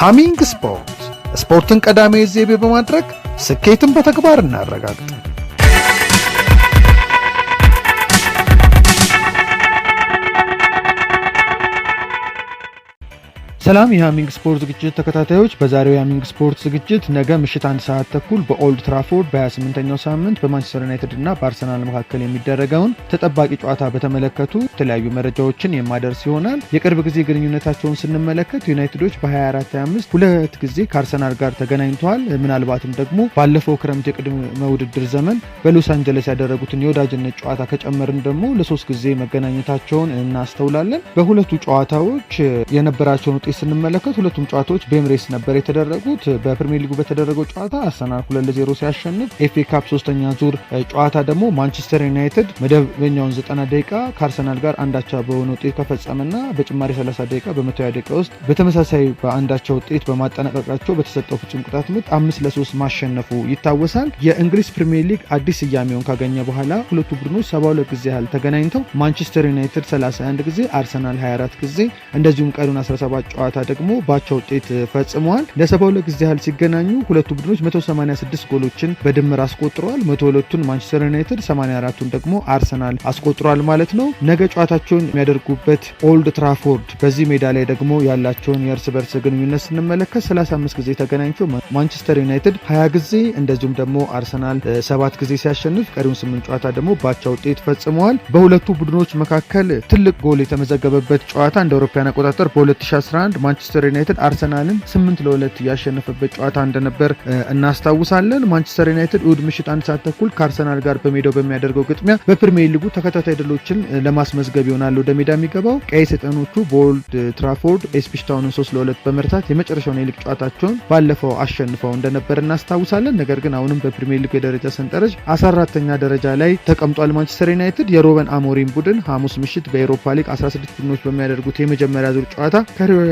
ሃሚንግ ስፖርት ስፖርትን ቀዳሚ ዜቤ በማድረግ ስኬትን በተግባር እናረጋግጥ። ሰላም የሃሚንግ ስፖርት ዝግጅት ተከታታዮች፣ በዛሬው የሃሚንግ ስፖርት ዝግጅት ነገ ምሽት አንድ ሰዓት ተኩል በኦልድ ትራፎርድ በ28ኛው ሳምንት በማንቸስተር ዩናይትድ እና በአርሰናል መካከል የሚደረገውን ተጠባቂ ጨዋታ በተመለከቱ የተለያዩ መረጃዎችን የማደርስ ይሆናል። የቅርብ ጊዜ ግንኙነታቸውን ስንመለከት ዩናይትዶች በ 2425 ሁለት ጊዜ ከአርሰናል ጋር ተገናኝተዋል። ምናልባትም ደግሞ ባለፈው ክረምት የቅድመ ውድድር ዘመን በሎስ አንጀለስ ያደረጉትን የወዳጅነት ጨዋታ ከጨመርን ደግሞ ለሶስት ጊዜ መገናኘታቸውን እናስተውላለን። በሁለቱ ጨዋታዎች የነበራቸውን ውጤት ስንመለከት ሁለቱም ጨዋታዎች በኤምሬስ ነበር የተደረጉት። በፕሪሚየር ሊጉ በተደረገው ጨዋታ አርሰናል ሁለት ለዜሮ ሲያሸንፍ፣ ኤፍኤ ካፕ ሶስተኛ ዙር ጨዋታ ደግሞ ማንቸስተር ዩናይትድ መደበኛውን 90 ደቂቃ ከአርሰናል ጋር አንዳቻ በሆነ ውጤት ከፈጸመና በጭማሪ 30 ደቂቃ በመቶያ ደቂቃ ውስጥ በተመሳሳይ በአንዳቻ ውጤት በማጠናቀቃቸው በተሰጠው ፍጹም ቅጣት ምት አምስት ለሶስት ማሸነፉ ይታወሳል። የእንግሊዝ ፕሪሚየር ሊግ አዲስ ስያሜውን ካገኘ በኋላ ሁለቱ ቡድኖች 72 ጊዜ ያህል ተገናኝተው ማንቸስተር ዩናይትድ 31 ጊዜ፣ አርሰናል 24 ጊዜ እንደዚሁም ቀሪውን 17 ጨዋታ ጨዋታ ደግሞ ባቻ ውጤት ፈጽመዋል ለሰባው ለጊዜ ጊዜ ያህል ሲገናኙ ሁለቱ ቡድኖች 186 ጎሎችን በድምር አስቆጥረዋል። 102ቱን ማንቸስተር ዩናይትድ፣ 84ቱን ደግሞ አርሰናል አስቆጥሯል ማለት ነው። ነገ ጨዋታቸውን የሚያደርጉበት ኦልድ ትራፎርድ በዚህ ሜዳ ላይ ደግሞ ያላቸውን የእርስ በርስ ግንኙነት ስንመለከት 35 ጊዜ ተገናኝቸው ማንቸስተር ዩናይትድ 20 ጊዜ እንደዚሁም ደግሞ አርሰናል ሰባት ጊዜ ሲያሸንፍ ቀሪውን ስምንት ጨዋታ ደግሞ ባቻ ውጤት ፈጽመዋል። በሁለቱ ቡድኖች መካከል ትልቅ ጎል የተመዘገበበት ጨዋታ እንደ አውሮፓውያን አቆጣጠር በ2011 አንድ ማንቸስተር ዩናይትድ አርሰናልን ስምንት ለሁለት ያሸነፈበት ጨዋታ እንደነበር እናስታውሳለን። ማንቸስተር ዩናይትድ እሁድ ምሽት አንድ ሰዓት ተኩል ከአርሰናል ጋር በሜዳው በሚያደርገው ግጥሚያ በፕሪሚየር ሊጉ ተከታታይ ድሎችን ለማስመዝገብ ይሆናል ወደ ሜዳ የሚገባው። ቀይ ሰይጣኖቹ በኦልድ ትራፎርድ ኢፕስዊች ታውንን ሶስት ለሁለት በመርታት የመጨረሻውን የሊግ ጨዋታቸውን ባለፈው አሸንፈው እንደነበር እናስታውሳለን። ነገር ግን አሁንም በፕሪሚየር ሊጉ የደረጃ ሰንጠረዥ አስራ አራተኛ ደረጃ ላይ ተቀምጧል። ማንቸስተር ዩናይትድ የሮበን አሞሪን ቡድን ሐሙስ ምሽት በኤሮፓ ሊግ 16 ቡድኖች በሚያደርጉት የመጀመሪያ ዙር ጨዋታ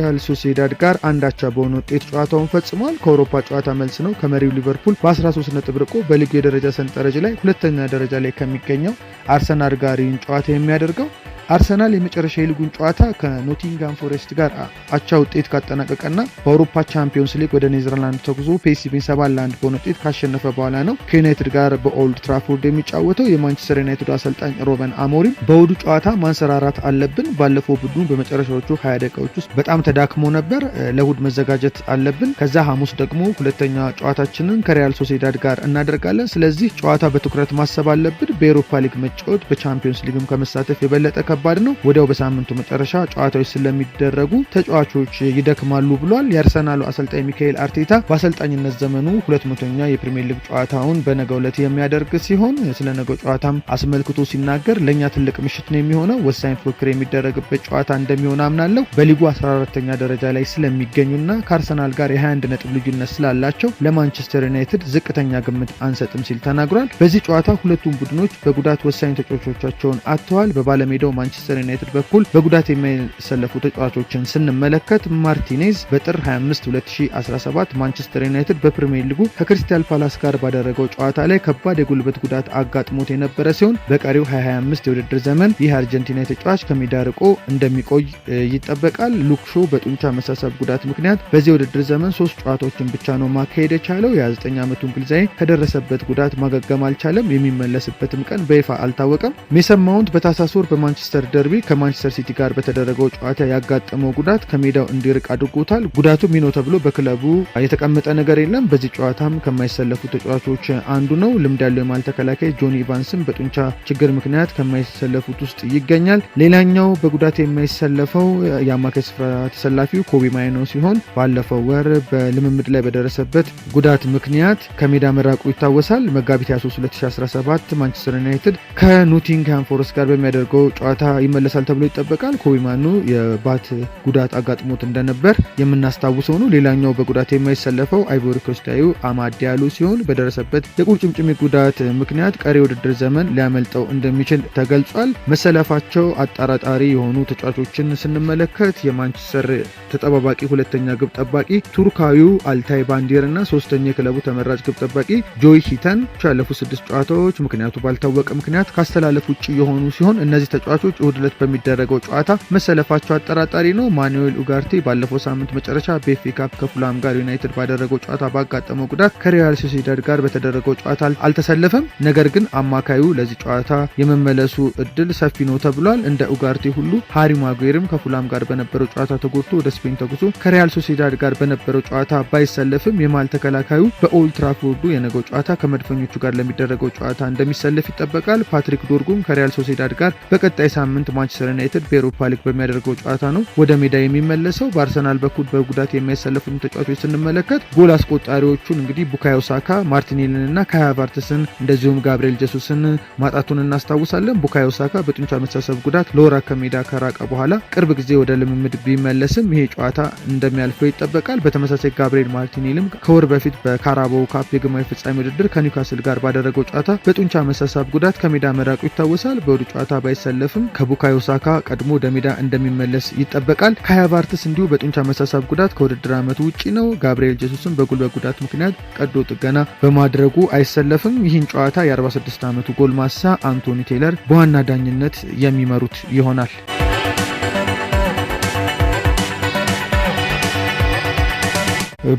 ከሪያል ሶሴዳድ ጋር አንዳቻ በሆነ ውጤት ጨዋታውን ፈጽሟል። ከአውሮፓ ጨዋታ መልስ ነው ከመሪው ሊቨርፑል በ13 ነጥብ ርቆ በሊጉ የደረጃ ሰንጠረዥ ላይ ሁለተኛ ደረጃ ላይ ከሚገኘው አርሰናል ጋር ይህን ጨዋታ የሚያደርገው አርሰናል የመጨረሻ የሊጉን ጨዋታ ከኖቲንጋም ፎሬስት ጋር አቻ ውጤት ካጠናቀቀና በአውሮፓ ቻምፒዮንስ ሊግ ወደ ኔዘርላንድ ተጉዞ ፔሲቪን ሰባት ለአንድ በሆነ ውጤት ካሸነፈ በኋላ ነው ከዩናይትድ ጋር በኦልድ ትራፎርድ የሚጫወተው። የማንቸስተር ዩናይትድ አሰልጣኝ ሮበን አሞሪም በውዱ ጨዋታ ማንሰራራት አለብን፣ ባለፈው ቡድኑ በመጨረሻዎቹ ሀያ ደቂቃዎች ውስጥ በጣም ተዳክሞ ነበር፣ ለእሁድ መዘጋጀት አለብን። ከዛ ሐሙስ ደግሞ ሁለተኛ ጨዋታችንን ከሪያል ሶሴዳድ ጋር እናደርጋለን። ስለዚህ ጨዋታ በትኩረት ማሰብ አለብን። በኤሮፓ ሊግ መጫወት በቻምፒዮንስ ሊግም ከመሳተፍ የበለጠ ከባድ ነው። ወዲያው በሳምንቱ መጨረሻ ጨዋታዎች ስለሚደረጉ ተጫዋቾች ይደክማሉ ብሏል። የአርሰናሉ አሰልጣኝ ሚካኤል አርቴታ በአሰልጣኝነት ዘመኑ ሁለት መቶኛ የፕሪሚየር ሊግ ጨዋታውን በነገው ዕለት የሚያደርግ ሲሆን ስለ ነገው ጨዋታም አስመልክቶ ሲናገር ለእኛ ትልቅ ምሽት ነው የሚሆነው፣ ወሳኝ ፉክክር የሚደረግበት ጨዋታ እንደሚሆን አምናለሁ። በሊጉ 14ተኛ ደረጃ ላይ ስለሚገኙና ከአርሰናል ጋር የ21 ነጥብ ልዩነት ስላላቸው ለማንቸስተር ዩናይትድ ዝቅተኛ ግምት አንሰጥም ሲል ተናግሯል። በዚህ ጨዋታ ሁለቱም ቡድኖች በጉዳት ወሳኝ ተጫዋቾቻቸውን አጥተዋል። በባለሜዳው በማንቸስተር ዩናይትድ በኩል በጉዳት የሚሰለፉ ተጫዋቾችን ስንመለከት ማርቲኔዝ በጥር 25 2017 ማንቸስተር ዩናይትድ በፕሪምየር ሊጉ ከክሪስታል ፓላስ ጋር ባደረገው ጨዋታ ላይ ከባድ የጉልበት ጉዳት አጋጥሞት የነበረ ሲሆን በቀሪው 25 የውድድር ዘመን ይህ አርጀንቲና የተጫዋች ከሜዳ ርቆ እንደሚቆይ ይጠበቃል። ሉክሾ በጡንቻ መሳሳብ ጉዳት ምክንያት በዚህ የውድድር ዘመን ሶስት ጨዋታዎችን ብቻ ነው ማካሄድ የቻለው። የ29 ዓመቱ እንግሊዛዊ ከደረሰበት ጉዳት ማገገም አልቻለም። የሚመለስበትም ቀን በይፋ አልታወቀም። ሜሰን ማውንት በታህሳስ ወር በማንቸስተር ማንቸስተር ደርቢ ከማንቸስተር ሲቲ ጋር በተደረገው ጨዋታ ያጋጠመው ጉዳት ከሜዳው እንዲርቅ አድርጎታል። ጉዳቱ ሚኖ ተብሎ በክለቡ የተቀመጠ ነገር የለም። በዚህ ጨዋታም ከማይሰለፉ ተጫዋቾች አንዱ ነው። ልምድ ያለው የማል ተከላካይ ጆኒ ኢቫንስም በጡንቻ ችግር ምክንያት ከማይሰለፉት ውስጥ ይገኛል። ሌላኛው በጉዳት የማይሰለፈው የአማካይ ስፍራ ተሰላፊው ኮቢ ማይኖ ሲሆን ባለፈው ወር በልምምድ ላይ በደረሰበት ጉዳት ምክንያት ከሜዳ መራቁ ይታወሳል። መጋቢት 23 2017 ማንቸስተር ዩናይትድ ከኖቲንግሃም ፎረስት ጋር በሚያደርገው ጨዋታ ጨዋታ ይመለሳል ተብሎ ይጠበቃል። ኮቢማኑ የባት ጉዳት አጋጥሞት እንደነበር የምናስታውሰው ነው። ሌላኛው በጉዳት የማይሰለፈው አይቮሪ ኮስታዩ አማድ ዲያሎ ሲሆን በደረሰበት የቁርጭምጭሚ ጉዳት ምክንያት ቀሪ ውድድር ዘመን ሊያመልጠው እንደሚችል ተገልጿል። መሰለፋቸው አጠራጣሪ የሆኑ ተጫዋቾችን ስንመለከት የማንቸስተር ተጠባባቂ ሁለተኛ ግብ ጠባቂ ቱርካዩ አልታይ ባንዲር እና ሶስተኛ የክለቡ ተመራጭ ግብ ጠባቂ ጆይ ሂተን ያለፉት ስድስት ጨዋታዎች ምክንያቱ ባልታወቀ ምክንያት ካስተላለፍ ውጭ የሆኑ ሲሆን እነዚህ ተጫዋቾች ተጫዋቾች እሁድ ዕለት በሚደረገው ጨዋታ መሰለፋቸው አጠራጣሪ ነው። ማኑዌል ኡጋርቲ ባለፈው ሳምንት መጨረሻ በኤፍኤ ካፕ ከፉላም ጋር ዩናይትድ ባደረገው ጨዋታ ባጋጠመው ጉዳት ከሪያል ሶሲዳድ ጋር በተደረገው ጨዋታ አልተሰለፈም። ነገር ግን አማካዩ ለዚህ ጨዋታ የመመለሱ እድል ሰፊ ነው ተብሏል። እንደ ኡጋርቲ ሁሉ ሃሪ ማጉዌርም ከፉላም ጋር በነበረው ጨዋታ ተጎድቶ ወደ ስፔን ተጉዞ ከሪያል ሶሲዳድ ጋር በነበረው ጨዋታ ባይሰለፍም የማል ተከላካዩ በኦልትራፎርዱ የነገው ጨዋታ ከመድፈኞቹ ጋር ለሚደረገው ጨዋታ እንደሚሰለፍ ይጠበቃል። ፓትሪክ ዶርጉም ከሪያል ሶሲዳድ ጋር በቀጣይ ሳምንት ማንቸስተር ዩናይትድ በኤሮፓ ሊግ በሚያደርገው ጨዋታ ነው ወደ ሜዳ የሚመለሰው። በአርሰናል በኩል በጉዳት የሚያሰለፉትን ተጫዋቾች ስንመለከት ጎል አስቆጣሪዎቹን እንግዲህ ቡካዮ ሳካ፣ ማርቲኔልን እና ካይ ሃቨርትስን እንደዚሁም ጋብርኤል ጀሱስን ማጣቱን እናስታውሳለን። ቡካዮ ሳካ በጡንቻ መሳሰብ ጉዳት ለወራ ከሜዳ ከራቀ በኋላ ቅርብ ጊዜ ወደ ልምምድ ቢመለስም ይሄ ጨዋታ እንደሚያልፈው ይጠበቃል። በተመሳሳይ ጋብርኤል ማርቲኔልም ከወር በፊት በካራባው ካፕ የግማሽ ፍጻሜ ውድድር ከኒውካስል ጋር ባደረገው ጨዋታ በጡንቻ መሳሳብ ጉዳት ከሜዳ መራቁ ይታወሳል። በወዱ ጨዋታ ባይሰለፍም ከቡካዮ ሳካ ቀድሞ ወደ ሜዳ እንደሚመለስ ይጠበቃል። ካያ ቫርትስ እንዲሁ በጡንቻ መሳሳብ ጉዳት ከውድድር ዓመቱ ውጪ ነው። ጋብርኤል ጀሱስም በጉልበት ጉዳት ምክንያት ቀዶ ጥገና በማድረጉ አይሰለፍም። ይህን ጨዋታ የ46 ዓመቱ ጎልማሳ አንቶኒ ቴይለር በዋና ዳኝነት የሚመሩት ይሆናል።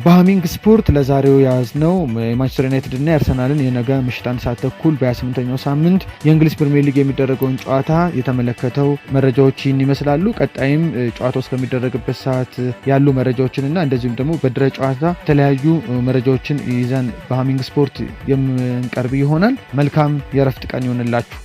በሃሚንግ ስፖርት ለዛሬው የያዝነው የማንቸስተር ዩናይትድ እና የአርሰናልን የነገ ምሽት አንድ ሰዓት ተኩል በ28ኛው ሳምንት የእንግሊዝ ፕሪሚየር ሊግ የሚደረገውን ጨዋታ የተመለከተው መረጃዎች ይህን ይመስላሉ። ቀጣይም ጨዋታው እስከሚደረግበት ሰዓት ያሉ መረጃዎችንና እንደዚሁም ደግሞ በድረ ጨዋታ የተለያዩ መረጃዎችን ይዘን በሃሚንግ ስፖርት የምንቀርብ ይሆናል። መልካም የእረፍት ቀን ይሆንላችሁ።